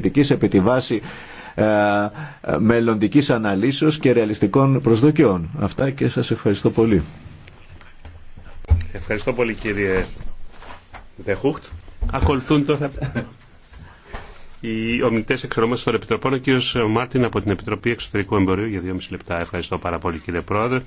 κριτικής επί τη βάση ε, μελλοντικής αναλύσεως και ρεαλιστικών προσδοκιών. Αυτά και σας ευχαριστώ πολύ. Ευχαριστώ πολύ κύριε Δεχούχτ. Ακολουθούν τώρα οι ομιλητέ εξορμώσει των Επιτροπών. Ο κύριο Μάρτιν από την Επιτροπή Εξωτερικού Εμπορίου για δύο μισή λεπτά. Ευχαριστώ πάρα πολύ κύριε Πρόεδρε.